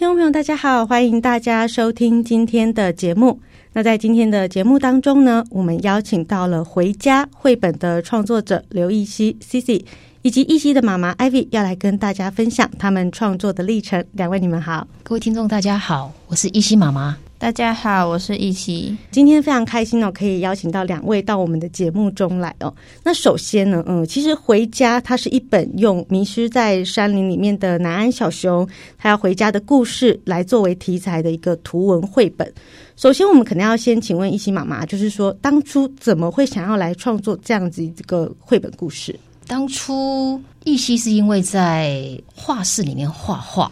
聽眾朋友，大家好，歡迎大家收聽今天的節目。那在今天的節目當中呢，我們邀請到了《回家》繪本的創作者劉奕希、SiSi 以及奕希的媽媽 Ivy 要來跟大家分享他們創作的歷程。兩位，你們好。各位聽眾，大家好，我是奕希媽媽。大家好，我是奕希。今天非常開心哦，可以邀請到兩位到我們的節目中來哦。那首先呢，嗯，其實《回家》它是一本用迷失在山林裡面的南安小熊，它要回家的故事來作為題材的一個圖文繪本。首先，我們可能要先請問奕希媽媽，就是說當初怎麼會想要來創作這樣子一個繪本故事？當初奕希是因為在畫室裡面畫畫，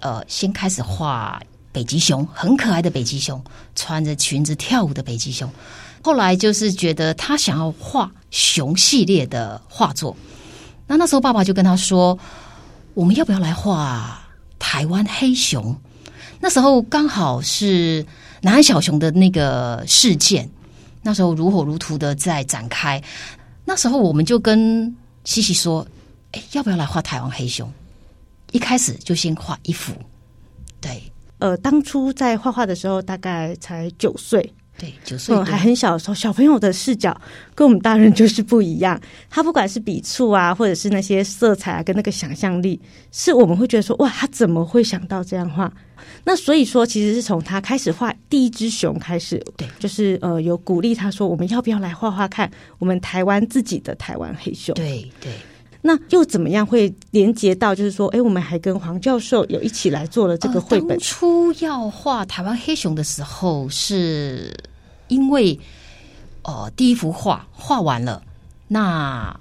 呃，先開始畫北極熊，很可愛的北極熊，穿着裙子跳舞的北極熊。後來就是覺得他想要畫熊系列的畫作。那那時候爸爸就跟他說：“我們要不要來畫臺灣黑熊？”那時候剛好是南安小熊的那個事件，那時候如火如荼的在展開。那時候我們就跟西西說：“哎、欸，要不要來畫台灣黑熊？一開始就先畫一幅。”對，呃，當初在畫畫的時候，大概才九歲。對，對嗯，還很小的時候，小朋友的視角跟我們大人就是不一樣。他不管是筆觸啊，或者是那些色彩啊，跟那個想象力，是我們會覺得說哇，他怎麼會想到這樣畫？那所以說，其實是從他開始畫第一隻熊開始，對，就是呃，有鼓勵他說，我們要不要來畫畫看我們台灣自己的台灣黑熊？對對。對那又怎麼樣會連接到就是說，哎，我們還跟黃教授有一起來做了這個繪本。呃，初要畫台灣黑熊的時候是。因為，哦、呃，第一幅畫畫完了，那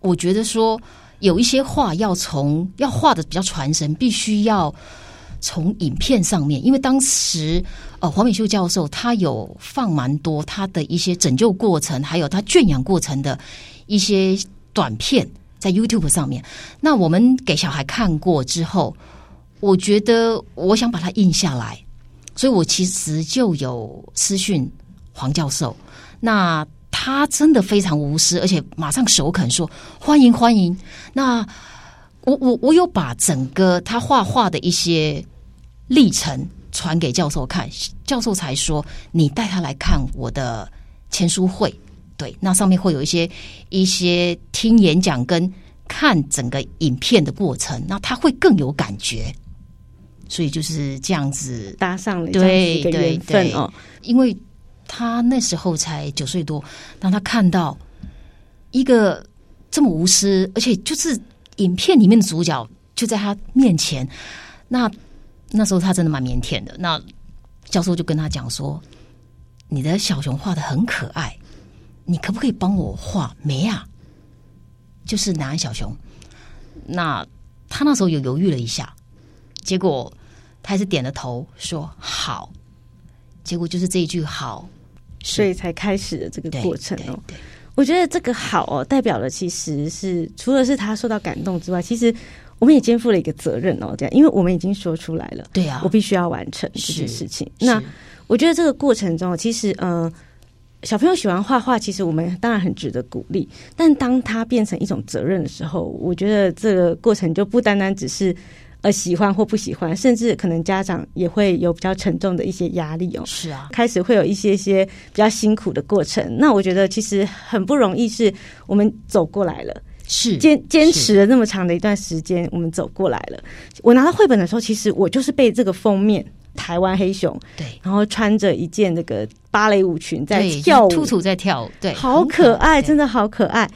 我覺得說有一些畫要從要畫的比較傳神，必須要從影片上面。因為當時呃黃美秀教授他有放蠻多他的一些拯救過程，還有他圈養過程的一些短片在 YouTube 上面。那我們給小孩看過之後，我覺得我想把它印下來，所以我其實就有私訊。黃教授，那他真的非常無私，而且馬上首肯說歡迎歡迎。那我我我有把整個他畫畫的一些歷程傳給教授看，教授才說你帶他來看我的簽書會。對，那上面會有一些一些聽演講跟看整個影片的過程，那他會更有感覺。所以就是這樣子搭上了，對、個、對對，對哦，因為。他那時候才九歲多，當他看到一個這麼無私，而且就是影片裡面的主角就在他面前，那那時候他真的蠻靦腆的。那教授就跟他講說：“你的小熊畫得很可愛，你可不可以幫我畫？”沒啊，就是南安小熊。那他那時候有猶豫了一下，結果他還是點了頭說：“好。”結果就是這一句“好”。所以才開始的這個過程哦，我覺得這個好哦，代表了其實是除了是他受到感動之外，其實我們也肩負了一個責任哦，這樣，因為我們已經說出來了，對啊，我必須要完成這件事情。那我覺得這個過程中，其實嗯、呃，小朋友喜歡畫畫，其實我們當然很值得鼓勵，但當他變成一種責任的時候，我覺得這個過程就不單單只是。呃，喜歡或不喜歡，甚至可能家長也會有比較沉重的一些壓力哦。是啊，開始會有一些些比較辛苦的過程。那我覺得其實很不容易，是我們走過來了，是堅堅持了那麼長的一段時間，我們走過來了。是我拿到繪本的時候，其實我就是被這個封面台灣黑熊，對，然後穿着一件那個芭蕾舞裙在跳舞，兔兔、就是、在跳舞，對，好可愛，可愛對真的好可愛。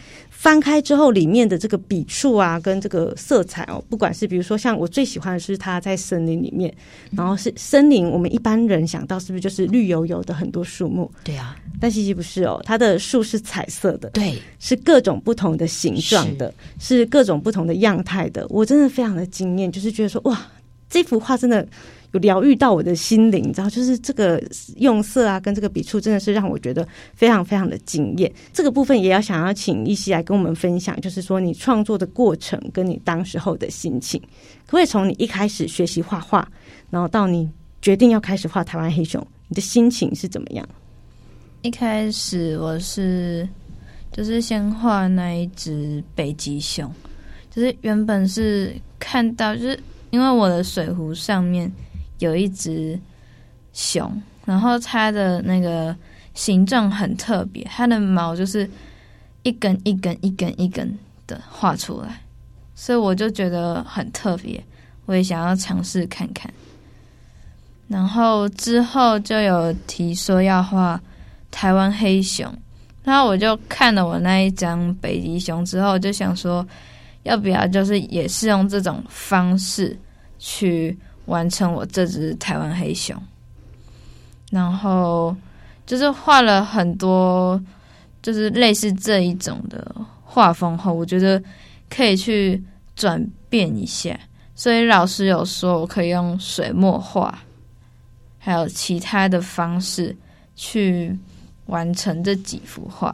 翻開之後，裡面的這個筆觸啊，跟這個色彩哦，不管是比如說像我最喜歡的是他在森林裡面，然後是森林，我們一般人想到是不是就是綠油油的很多樹木？對啊，但西西不是哦，它的樹是彩色的，對，是各種不同的形狀的，是，是各種不同的樣態的，我真的非常的驚豔，就是覺得說哇，這幅畫真的。有療癒到我的心靈，然後就是這個用色啊，跟這個筆觸，真的是讓我覺得非常非常的驚艷。這個部分也要想要請奕希來跟我們分享，就是說你創作的過程，跟你當時候的心情，可以從你一開始學習畫畫，然後到你決定要開始畫台灣黑熊，你的心情是怎麼樣？一開始我是就是先畫那一只北極熊，就是原本是看到，就是因為我的水壺上面。有一只熊，然後它的那個形狀很特別，它的毛就是一根一根一根一根的畫出來，所以我就覺得很特別，我也想要嘗試看看。然後之後就有提說要畫台灣黑熊，然後我就看了我那一張北極熊之後，我就想說要不要就是也是用這種方式去。完成我這隻台灣黑熊，然後就是畫了很多，就是類似這一種的畫風後，我覺得可以去轉變一下。所以老師有說我可以用水墨畫，還有其他的方式去完成這幾幅畫。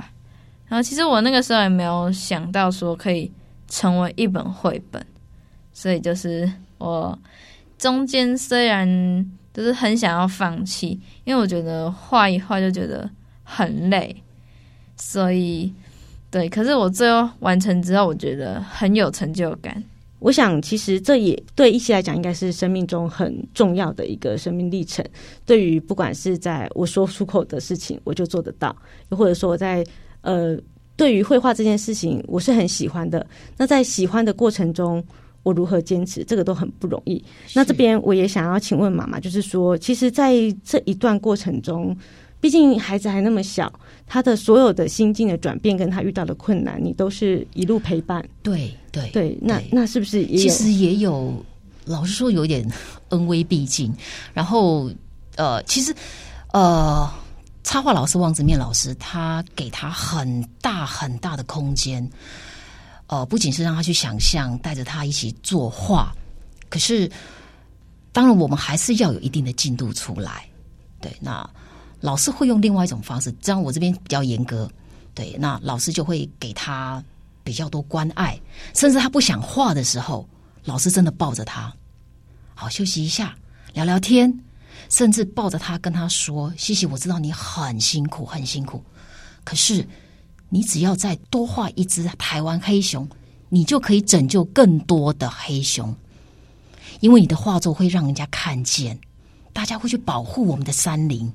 然後其實我那個時候也沒有想到說可以成為一本繪本，所以就是我。中間雖然就是很想要放棄，因為我覺得畫一畫就覺得很累，所以對，可是我最後完成之後，我覺得很有成就感。我想，其實這也對奕希來講，應該是生命中很重要的一個生命歷程。對於不管是在我說出口的事情，我就做得到，又或者說我在呃，對於繪畫這件事情，我是很喜歡的。那在喜歡的過程中。我如何堅持，這個都很不容易。那這邊我也想要請問媽媽，就是說，是其實，在這一段過程中，畢竟孩子還那麼小，他的所有的心境的轉變跟他遇到的困難，你都是一路陪伴。對對對，對對那對那是不是？其實也有，老實說，有點恩威並進。然後呃，其實呃，插畫老師王子麵老師，他給他很大很大的空間。哦、呃，不僅是讓他去想象，帶着他一起作畫。可是，當然我們還是要有一定的進度出來。對，那老師會用另外一種方式，這樣我這邊比較嚴格。對，那老師就會給他比較多關愛，甚至他不想畫的時候，老師真的抱着他，好休息一下，聊聊天，甚至抱着他跟他說：“西西，我知道你很辛苦，很辛苦，可是。”你只要再多畫一隻台灣黑熊，你就可以拯救更多的黑熊，因為你的畫作會讓人家看見，大家會去保護我們的山林。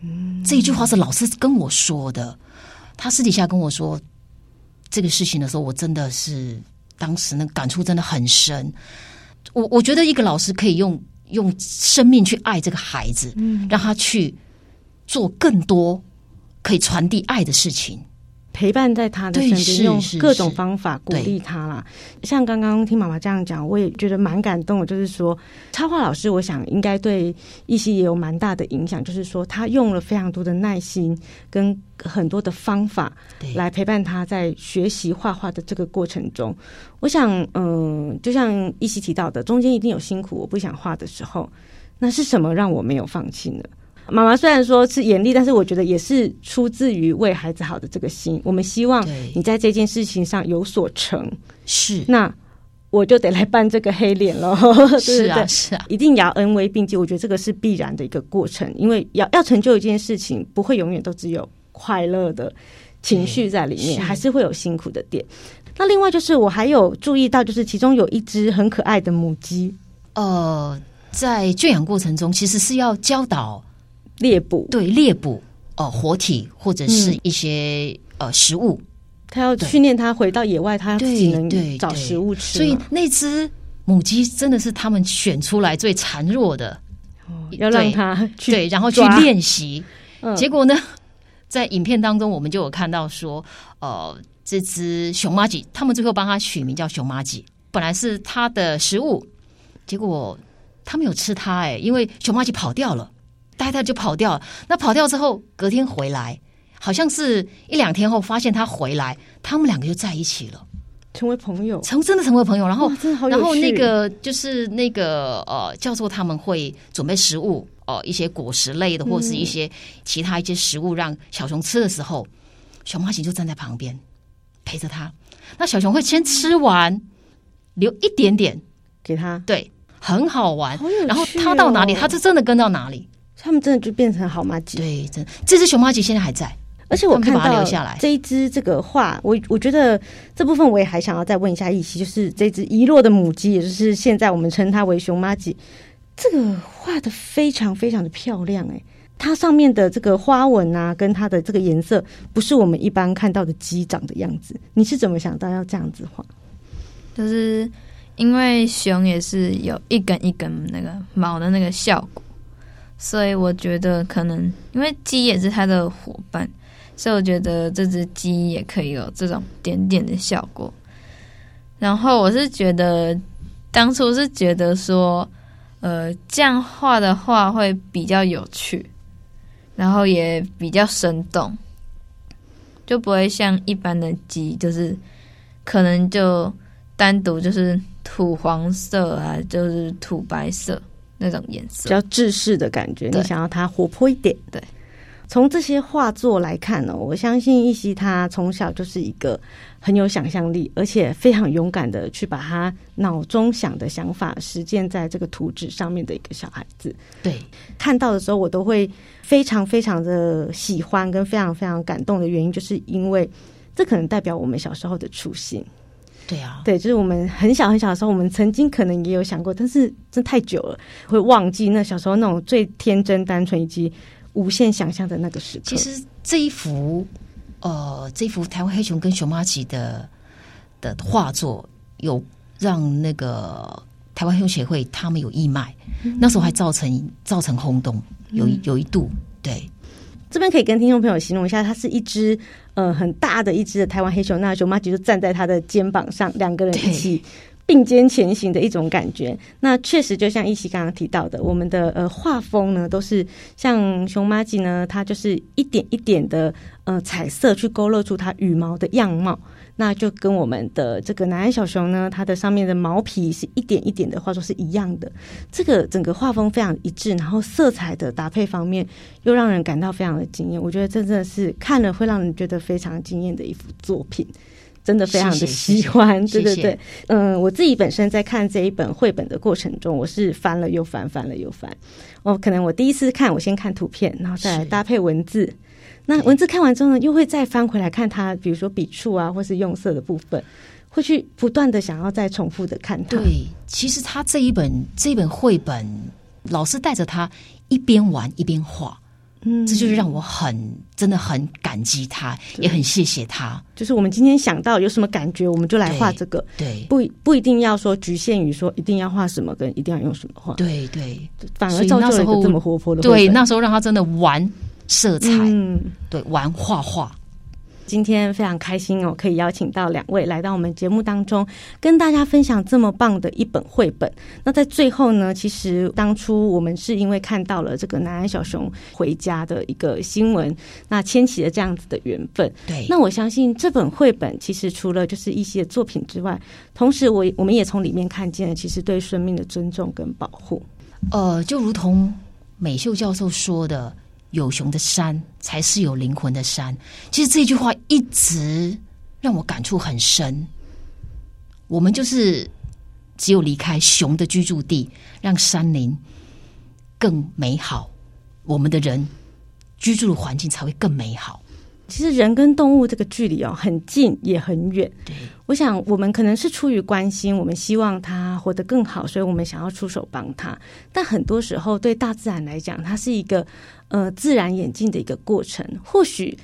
嗯，這一句話是老師跟我說的，他私底下跟我說這個事情的時候，我真的是當時那感觸真的很深。我我覺得一個老師可以用用生命去愛這個孩子，嗯，讓他去做更多，可以傳遞愛的事情，陪伴在他的身邊，用各種方法鼓勵他啦。對像剛剛聽媽媽這樣講，我也覺得蠻感動的。就是說，插畫老師，我想應該對奕希也有蠻大的影響。就是說，他用了非常多的耐心跟很多的方法來陪伴他在學習畫畫的這個過程中。對我想，嗯，就像奕希提到的，中間一定有辛苦，我不想畫的時候，那是什麼讓我沒有放棄呢？媽媽雖然說是嚴厲，但是我覺得也是出自於為孩子好的這個心。我們希望你在這件事情上有所成，是那我就得來扮這個黑臉嘍。是啊，是啊，一定要恩威並濟。我覺得這個是必然的一個過程，因為要要成就一件事情，不會永遠都只有快樂的情緒在裡面，是還是會有辛苦的點。那另外就是我還有注意到，就是其中有一只很可愛的母雞，呃，在圈養過程中其實是要教導。獵捕對獵捕哦、呃，活體或者是一些、嗯、呃食物，他要訓練他回到野外，對他自己能找食物吃。所以那只母雞真的是他們選出來最孱弱的，哦、對要讓它對，然後去練習。嗯、結果呢，在影片當中我們就有看到說，呃，這只熊麻吉，他們最後幫它取名叫熊麻吉。本來是它的食物，結果它沒有吃它，哎，因為熊麻吉跑掉了。呆呆就跑掉，那跑掉之後，隔天回來，好像是一兩天後發現他回來，他們兩個就在一起了，成為朋友，成真的成為朋友。然後，然後那個就是那個呃，教授他們會準備食物，哦、呃，一些果實類的，或是一些其他一些食物讓小熊吃的時候，熊花型就站在旁邊陪着他。那小熊會先吃完，留一點點給他，對，很好玩。好哦、然後他到哪裡，他就真的跟到哪裡。他們真的就變成好麻吉？對，真這隻熊麻吉現在還在，而且我看到這一隻這個畫，我我覺得這部分我也還想要再問一下奕希，就是這隻遺落的母雞，也就是現在我們稱它為熊麻吉，這個畫得非常非常的漂亮哎、欸，它上面的這個花紋啊，跟它的這個顏色，不是我們一般看到的雞長的樣子，你是怎麼想到要這樣子畫？就是因為熊也是有一根一根那個毛的那個效果。所以我覺得可能因為雞也是它的夥伴，所以我覺得這只雞也可以有這種點點的效果。然後我是覺得，當初是覺得說，呃，這樣畫的話會比較有趣，然後也比較生動，就不會像一般的雞就是可能就單獨就是土黃色啊，就是土白色。那種顏色比較制式的感覺，對你想要它活潑一點。對，從對這些畫作來看呢？哦，我相信奕希他從小就是一個很有想象力，而且非常勇敢的去把他腦中想的想法實踐在這個圖紙上面的一個小孩子。對，看到的時候我都會非常非常的喜歡，跟非常非常感動的原因，就是因為這可能代表我們小時候的初心。對啊，對，就是我們很小很小的時候，我們曾經可能也有想過，但是這太久了，會忘記那小時候那種最天真單純以及無限想象的那個時刻。其實這一幅，呃，這一幅台灣黑熊跟熊媽奇的的畫作，有讓那個台灣黑熊協會他們有義賣，嗯、那時候還造成造成轟動，有有一度、嗯、對。這邊可以跟聽眾朋友形容一下，它是一隻呃很大的一隻的台灣黑熊，那熊媽媽就站在它的肩膀上，兩個人一起並肩前行的一種感覺。對那確實就像奕希剛剛提到的，我們的呃畫風呢，都是像熊媽媽呢，它就是一點一點的呃彩色去勾勒出它羽毛的樣貌。那就跟我們的這個南安小熊呢，它的上面的毛皮是一點一點的畫出是一樣的，這個整個畫風非常一致，然後色彩的搭配方面又讓人感到非常的驚艷。我覺得這真的是看了會讓人覺得非常驚艷的一幅作品，真的非常的喜歡，謝謝謝謝，對對對，謝謝。嗯，我自己本身在看這一本繪本的過程中，我是翻了又翻，翻了又翻，哦，可能我第一次看，我先看圖片，然後再來搭配文字。那文字看完之後呢，又會再翻回來看他，比如說筆觸啊，或是用色的部分，會去不斷的想要再重複的看他。對，其實他這一本這一本繪本，老師帶着他一邊玩一邊畫，嗯，這就是讓我很真的很感激他，對也很謝謝他。就是我們今天想到有什麼感覺，我們就來畫這個。對，對，不不一定要說侷限於說一定要畫什麼跟一定要用什麼畫。對對，對反而造就了一個這麼活潑的。對，那時候讓他真的玩。色彩，嗯，對，玩畫畫。今天非常開心哦，可以邀請到兩位來到我們節目當中，跟大家分享這麼棒的一本繪本。那在最後呢，其實當初我們是因為看到了這個南安小熊回家的一個新聞，那牽起了這樣子的緣分。對，那我相信這本繪本其實除了就是一些作品之外，同時我我們也從裡面看見了其實對生命的尊重跟保護。呃，就如同美秀教授說的。有熊的山才是有靈魂的山。其實這句話一直讓我感觸很深。我們就是只有離開熊的居住地，讓山林更美好，我們的人居住的環境才會更美好。其實人跟動物這個距離哦，很近也很遠。對，我想我們可能是出於關心，我們希望它活得更好，所以我們想要出手幫他。但很多時候，對大自然來講，它是一個呃自然演進的一個過程。或許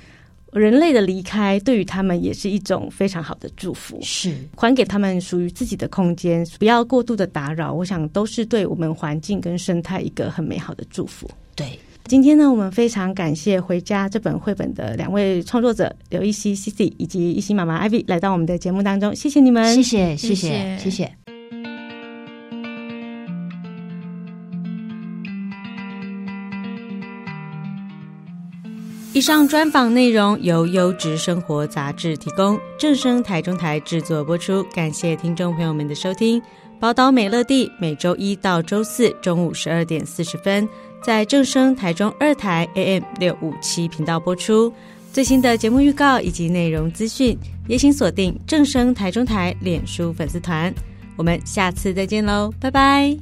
人類的離開，對於他們也是一種非常好的祝福，是還給他們屬於自己的空間，不要過度的打擾。我想都是對我們環境跟生態一個很美好的祝福。對。今天呢，我們非常感謝《回家》這本繪本的兩位創作者劉奕希、SiSi 以及奕希媽媽 Ivy 來到我們的節目當中，謝謝你們，謝謝，謝謝，謝謝。以上專訪內容由《優質生活雜誌》提供，正聲台中台製作播出，感謝聽眾朋友們的收聽。寶島美樂蒂每周一到周四中午十二點四十分。在正聲台中二台 AM 六五七頻道播出，最新的節目預告以及內容資訊，也請鎖定正聲台中台臉書粉絲團。我們下次再見嘍，拜拜。